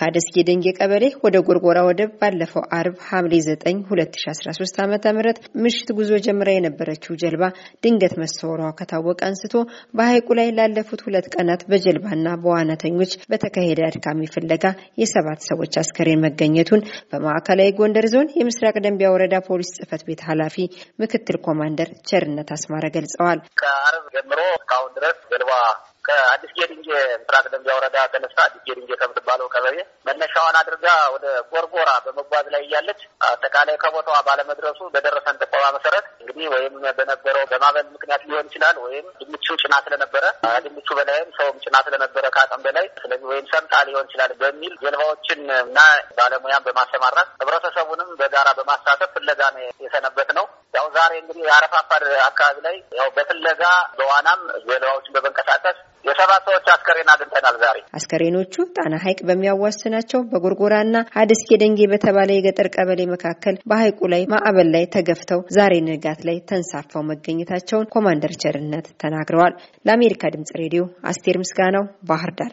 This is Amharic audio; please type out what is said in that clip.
ከአደስጌ ደንጌ ቀበሌ ወደ ጎርጎራ ወደብ ባለፈው አርብ ሐምሌ 9 2013 ዓ ም ምሽት ጉዞ ጀምራ የነበረችው ጀልባ ድንገት መሰወሯ ከታወቀ አንስቶ በሐይቁ ላይ ላለፉት ሁለት ቀናት በጀልባና በዋናተኞች በተካሄደ አድካሚ ፍለጋ የሰባት ሰዎች አስከሬን መገኘቱን በማዕከላዊ ጎንደር ዞን የምስራቅ ደንቢያ ወረዳ ፖሊስ ጽህፈት ቤት ኃላፊ ምክትል ኮማንደር ቸርነት አስማረ ገልጸዋል። ከአርብ ጀምሮ እስካሁን ድረስ ጀልባ ከአዲስ ጌድንጌ ምስራቅ ደንቢያ ወረዳ ተነሳ አዲስ ጌድንጌ ከምትባለው ቀበሌ መነሻዋን አድርጋ ወደ ጎርጎራ በመጓዝ ላይ እያለች አጠቃላይ ከቦታዋ ባለመድረሱ በደረሰን ጥቆማ መሰረት እንግዲህ ወይም በነበረው በማበል ምክንያት ሊሆን ይችላል ወይም ድምቹ ጭና ስለነበረ ድንቹ በላይም ሰውም ጭና ስለነበረ ከአቅም በላይ ስለዚህ ወይም ሰምጣ ሊሆን ይችላል በሚል ጀልባዎችን እና ባለሙያን በማሰማራት ህብረተሰቡንም በጋራ በማሳተፍ ፍለጋ የሰነበት ነው። ያው ዛሬ እንግዲህ የአረፋፋድ አካባቢ ላይ ያው በፍለጋ በዋናም ጀልባዎችን በመንቀሳቀስ የሰባት ሰዎች አስከሬን አግኝተናል ዛሬ። አስከሬኖቹ ጣና ሐይቅ በሚያዋስናቸው በጎርጎራና ሀዲስ ጌደንጌ በተባለ የገጠር ቀበሌ መካከል በሐይቁ ላይ ማዕበል ላይ ተገፍተው ዛሬ ንጋት ላይ ተንሳፈው መገኘታቸውን ኮማንደር ቸርነት ተናግረዋል። ለአሜሪካ ድምጽ ሬዲዮ አስቴር ምስጋናው ባህር ዳር